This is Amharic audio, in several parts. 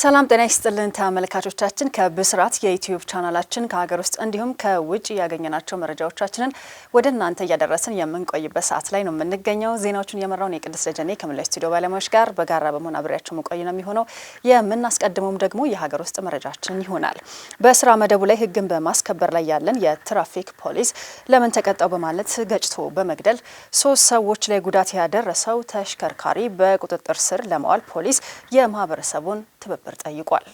ሰላም ጤና ይስጥልን ተመልካቾቻችን፣ ከብስራት የዩትዩብ ቻናላችን ከሀገር ውስጥ እንዲሁም ከውጭ ያገኘናቸው መረጃዎቻችንን ወደ እናንተ እያደረስን የምንቆይበት ሰዓት ላይ ነው የምንገኘው። ዜናዎቹን የመራውን የቅድስት ደጀኔ ከምላይ ስቱዲዮ ባለሙያዎች ጋር በጋራ በመሆን አብሬያቸው መቆይ ነው የሚሆነው። የምናስቀድመውም ደግሞ የሀገር ውስጥ መረጃችን ይሆናል። በስራ መደቡ ላይ ህግን በማስከበር ላይ ያለን የትራፊክ ፖሊስ ለምን ተቀጣው በማለት ገጭቶ በመግደል ሶስት ሰዎች ላይ ጉዳት ያደረሰው ተሽከርካሪ በቁጥጥር ስር ለማዋል ፖሊስ የማህበረሰቡን ትብብ ነበር ጠይቋል።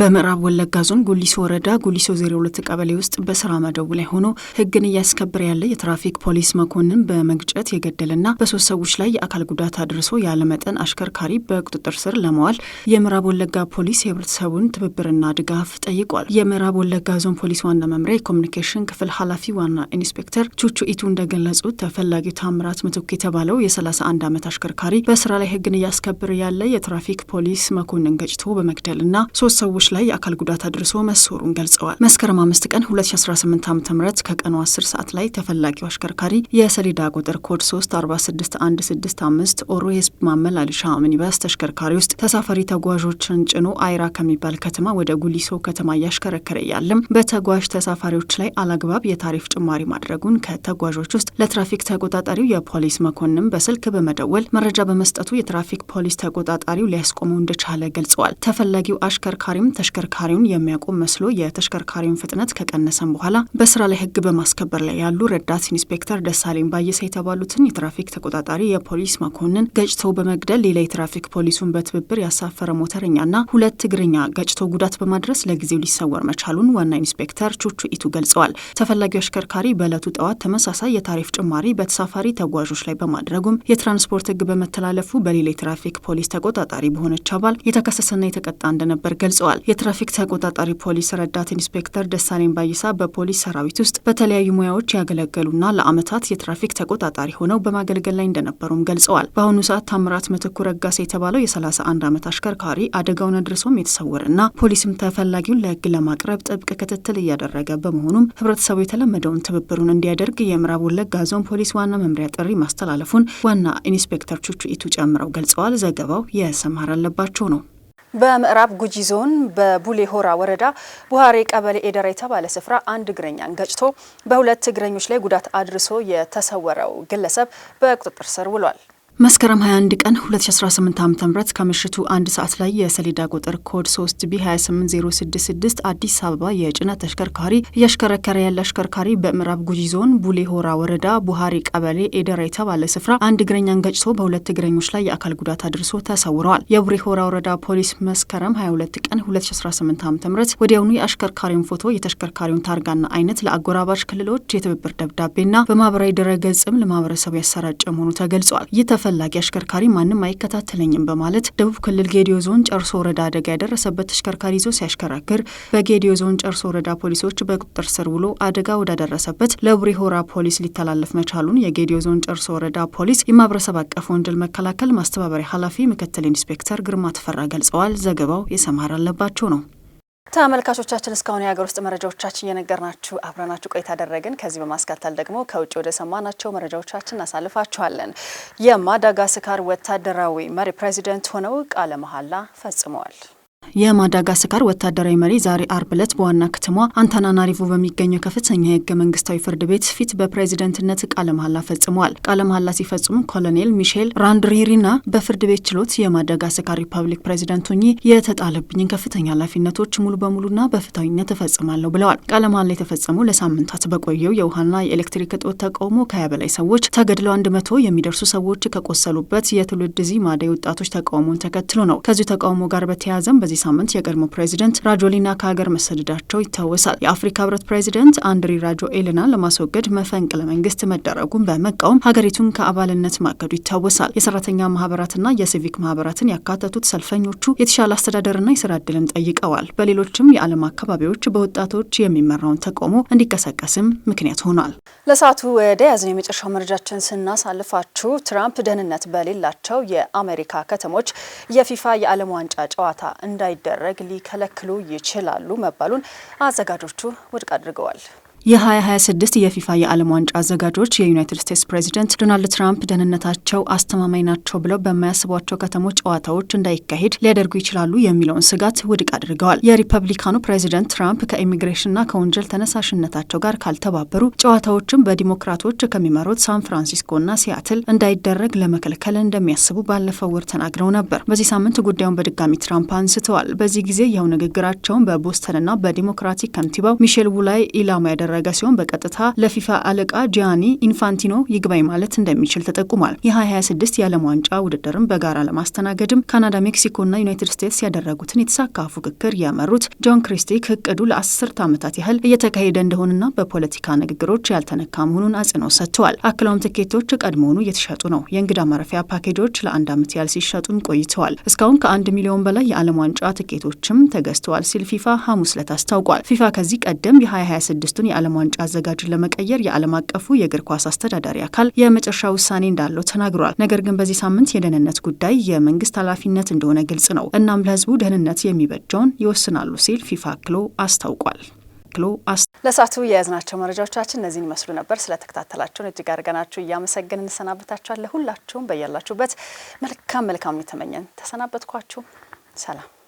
በምዕራብ ወለጋ ዞን ጉሊሶ ወረዳ ጉሊሶ 02 ቀበሌ ውስጥ በስራ መደቡ ላይ ሆኖ ህግን እያስከበረ ያለ የትራፊክ ፖሊስ መኮንን በመግጨት የገደለና በሶስት ሰዎች ላይ የአካል ጉዳት አድርሶ ያለመጠን አሽከርካሪ በቁጥጥር ስር ለመዋል የምዕራብ ወለጋ ፖሊስ የህብረተሰቡን ትብብርና ድጋፍ ጠይቋል። የምዕራብ ወለጋ ዞን ፖሊስ ዋና መምሪያ የኮሚኒኬሽን ክፍል ኃላፊ ዋና ኢንስፔክተር ቹቹ ኢቱ እንደገለጹት ተፈላጊው ታምራት ምትኩ የተባለው የ31 ዓመት አሽከርካሪ በስራ ላይ ህግን እያስከበረ ያለ የትራፊክ ፖሊስ መኮንን ገጭቶ በመግደልና ሶስት ሰዎች ሰዎች ላይ የአካል ጉዳት አድርሶ መሰሩን ገልጸዋል። መስከረም አምስት ቀን 2018 ዓ ም ከቀኑ 10 ሰዓት ላይ ተፈላጊው አሽከርካሪ የሰሌዳ ቁጥር ኮድ 3 46165 ኦሮ የህዝብ ማመላለሻ ሚኒባስ ተሽከርካሪ ውስጥ ተሳፋሪ ተጓዦችን ጭኖ አይራ ከሚባል ከተማ ወደ ጉሊሶ ከተማ እያሽከረከረ ያለም በተጓዥ ተሳፋሪዎች ላይ አላግባብ የታሪፍ ጭማሪ ማድረጉን ከተጓዦች ውስጥ ለትራፊክ ተቆጣጣሪው የፖሊስ መኮንን በስልክ በመደወል መረጃ በመስጠቱ የትራፊክ ፖሊስ ተቆጣጣሪው ሊያስቆመው እንደቻለ ገልጸዋል። ተፈላጊው አሽከርካሪ ወይም ተሽከርካሪውን የሚያቆም መስሎ የተሽከርካሪውን ፍጥነት ከቀነሰም በኋላ በስራ ላይ ህግ በማስከበር ላይ ያሉ ረዳት ኢንስፔክተር ደሳሌን ባየሰ የተባሉትን የትራፊክ ተቆጣጣሪ የፖሊስ መኮንን ገጭተው በመግደል ሌላ የትራፊክ ፖሊሱን በትብብር ያሳፈረ ሞተረኛና ሁለት እግረኛ ገጭተው ጉዳት በማድረስ ለጊዜው ሊሰወር መቻሉን ዋና ኢንስፔክተር ቹቹ ኢቱ ገልጸዋል። ተፈላጊው አሽከርካሪ በዕለቱ ጠዋት ተመሳሳይ የታሪፍ ጭማሪ በተሳፋሪ ተጓዦች ላይ በማድረጉም የትራንስፖርት ህግ በመተላለፉ በሌላ የትራፊክ ፖሊስ ተቆጣጣሪ በሆነች አባል የተከሰሰና የተቀጣ እንደነበር ገልጸዋል። ተናግረዋል። የትራፊክ ተቆጣጣሪ ፖሊስ ረዳት ኢንስፔክተር ደሳኔን ባይሳ በፖሊስ ሰራዊት ውስጥ በተለያዩ ሙያዎች ያገለገሉና ለአመታት የትራፊክ ተቆጣጣሪ ሆነው በማገልገል ላይ እንደነበሩም ገልጸዋል። በአሁኑ ሰዓት ታምራት ምትኩ ረጋሴ የተባለው የ31 ዓመት አሽከርካሪ አደጋውን አድርሶም የተሰወረና ፖሊስም ተፈላጊውን ለህግ ለማቅረብ ጥብቅ ክትትል እያደረገ በመሆኑም ህብረተሰቡ የተለመደውን ትብብሩን እንዲያደርግ የምዕራብ ወለጋ ዞን ፖሊስ ዋና መምሪያ ጥሪ ማስተላለፉን ዋና ኢንስፔክተር ቹቹ ኢቱ ጨምረው ገልጸዋል። ዘገባው የሰማር አለባቸው ነው። በምዕራብ ጉጂ ዞን በቡሌ ሆራ ወረዳ ቡሃሬ ቀበሌ ኤደራ የተባለ ስፍራ አንድ እግረኛን ገጭቶ በሁለት እግረኞች ላይ ጉዳት አድርሶ የተሰወረው ግለሰብ በቁጥጥር ስር ውሏል። መስከረም 21 ቀን 2018 ዓ ም ከምሽቱ አንድ ሰዓት ላይ የሰሌዳ ቁጥር ኮድ 3 ቢ 28066 አዲስ አበባ የጭነት ተሽከርካሪ እያሽከረከረ ያለ አሽከርካሪ በምዕራብ ጉጂ ዞን ቡሌ ሆራ ወረዳ ቡሃሪ ቀበሌ ኤደራ የተባለ ስፍራ አንድ እግረኛን ገጭቶ በሁለት እግረኞች ላይ የአካል ጉዳት አድርሶ ተሰውረዋል። የቡሌ ሆራ ወረዳ ፖሊስ መስከረም 22 ቀን 2018 ዓ ም ወዲያውኑ የአሽከርካሪውን ፎቶ፣ የተሽከርካሪውን ታርጋና አይነት ለአጎራባች ክልሎች የትብብር ደብዳቤና በማህበራዊ ድረገጽም ለማህበረሰቡ ያሰራጨ መሆኑ ተገልጿል። ተፈላጊ አሽከርካሪ ማንም አይከታተለኝም በማለት ደቡብ ክልል ጌዲዮ ዞን ጨርሶ ወረዳ አደጋ ያደረሰበት ተሽከርካሪ ይዞ ሲያሽከራክር በጌዲዮ ዞን ጨርሶ ወረዳ ፖሊሶች በቁጥጥር ስር ውሎ አደጋ ወዳደረሰበት ለቡሪሆራ ፖሊስ ሊተላለፍ መቻሉን የጌዲዮ ዞን ጨርሶ ወረዳ ፖሊስ የማህበረሰብ አቀፍ ወንጀል መከላከል ማስተባበሪያ ኃላፊ ምክትል ኢንስፔክተር ግርማ ተፈራ ገልጸዋል። ዘገባው የሰማር አለባቸው ነው። ተመልካቾቻችን እስካሁን የሀገር ውስጥ መረጃዎቻችን እየነገርናችሁ አብረናችሁ ቆይታ አደረግን። ከዚህ በማስከተል ደግሞ ከውጭ ወደ ሰማናቸው መረጃዎቻችን እናሳልፋችኋለን። የማዳጋስካር ወታደራዊ መሪ ፕሬዚደንት ሆነው ቃለ መሐላ ፈጽመዋል። የማዳጋስካር ወታደራዊ መሪ ዛሬ አርብ ዕለት በዋና ከተማ አንታናናሪቮ በሚገኘው ከፍተኛ የህገ መንግስታዊ ፍርድ ቤት ፊት በፕሬዚደንትነት ቃለ መሐላ ፈጽመዋል። ቃለ መሐላ ሲፈጽሙ ኮሎኔል ሚሼል ራንድሪሪና በፍርድ ቤት ችሎት የማዳጋስካር ሪፐብሊክ ፕሬዚደንት ሆኜ የተጣለብኝን ከፍተኛ ኃላፊነቶች ሙሉ በሙሉና በፍትሐዊነት እፈጽማለሁ ብለዋል። ቃለ መሐላ የተፈጸመው ለሳምንታት በቆየው የውሃና የኤሌክትሪክ እጦት ተቃውሞ ከሀያ በላይ ሰዎች ተገድለው አንድ መቶ የሚደርሱ ሰዎች ከቆሰሉበት የትውልድ ማዳይ ወጣቶች ተቃውሞን ተከትሎ ነው። ከዚሁ ተቃውሞ ጋር በተያያዘም በዚህ በዚህ ሳምንት የቀድሞ ፕሬዚደንት ራጆሊና ከሀገር መሰደዳቸው ይታወሳል። የአፍሪካ ህብረት ፕሬዚደንት አንድሪ ኤልና ለማስወገድ መፈንቅለ መንግስት መደረጉን በመቃወም ሀገሪቱን ከአባልነት ማገዱ ይታወሳል። የሰራተኛ ማህበራትና የሲቪክ ማህበራትን ያካተቱት ሰልፈኞቹ የተሻለ አስተዳደርና የስራ እድልን ጠይቀዋል። በሌሎችም የዓለም አካባቢዎች በወጣቶች የሚመራውን ተቃውሞ እንዲቀሰቀስም ምክንያት ሆኗል። ለሰዓቱ ወደ ያዝን የመጨረሻው መረጃችን ስናሳልፋችሁ ትራምፕ ደህንነት በሌላቸው የአሜሪካ ከተሞች የፊፋ የዓለም ዋንጫ ጨዋታ እንደ እንዳይደረግ ሊከለክሉ ይችላሉ መባሉን አዘጋጆቹ ውድቅ አድርገዋል። የ2026 የፊፋ የዓለም ዋንጫ አዘጋጆች የዩናይትድ ስቴትስ ፕሬዚደንት ዶናልድ ትራምፕ ደህንነታቸው አስተማማኝ ናቸው ብለው በማያስቧቸው ከተሞች ጨዋታዎች እንዳይካሄድ ሊያደርጉ ይችላሉ የሚለውን ስጋት ውድቅ አድርገዋል። የሪፐብሊካኑ ፕሬዚደንት ትራምፕ ከኢሚግሬሽንና ከወንጀል ተነሳሽነታቸው ጋር ካልተባበሩ ጨዋታዎችም በዲሞክራቶች ከሚመሩት ሳን ፍራንሲስኮና ሲያትል እንዳይደረግ ለመከልከል እንደሚያስቡ ባለፈው ወር ተናግረው ነበር። በዚህ ሳምንት ጉዳዩን በድጋሚ ትራምፕ አንስተዋል። በዚህ ጊዜ ይኸው ንግግራቸውን በቦስተንና በዲሞክራቲክ ከንቲባው ሚሼል ቡላይ ኢላማ ያደረ የተደረገ ሲሆን በቀጥታ ለፊፋ አለቃ ጂያኒ ኢንፋንቲኖ ይግባኝ ማለት እንደሚችል ተጠቁሟል። የ2026 የዓለም ዋንጫ ውድድርን በጋራ ለማስተናገድም ካናዳ፣ ሜክሲኮና ዩናይትድ ስቴትስ ያደረጉትን የተሳካ ፉክክር ያመሩት ጆን ክሪስቲክ እቅዱ ለአስርት ዓመታት ያህል እየተካሄደ እንደሆነና በፖለቲካ ንግግሮች ያልተነካ መሆኑን አጽንኦት ሰጥተዋል። አክለውም ትኬቶች ቀድሞውኑ እየተሸጡ ነው። የእንግዳ ማረፊያ ፓኬጆች ለአንድ ዓመት ያህል ሲሸጡም ቆይተዋል። እስካሁን ከአንድ ሚሊዮን በላይ የዓለም ዋንጫ ትኬቶችም ተገዝተዋል ሲል ፊፋ ሐሙስ ዕለት አስታውቋል። ፊፋ ከዚህ ቀደም የ2026ቱን የዓለም ዋንጫ አዘጋጅን ለመቀየር የዓለም አቀፉ የእግር ኳስ አስተዳዳሪ አካል የመጨረሻ ውሳኔ እንዳለው ተናግሯል። ነገር ግን በዚህ ሳምንት የደህንነት ጉዳይ የመንግስት ኃላፊነት እንደሆነ ግልጽ ነው። እናም ለህዝቡ ደህንነት የሚበጀውን ይወስናሉ ሲል ፊፋ አክሎ አስታውቋል። ለሳቱ የያዝናቸው መረጃዎቻችን እነዚህን ይመስሉ ነበር። ስለተከታተላችሁን እጅግ አድርገናችሁ እያመሰግን እንሰናበታችኋለን። ሁላችሁም በያላችሁበት መልካም መልካም የተመኘን ተሰናበትኳችሁ። ሰላም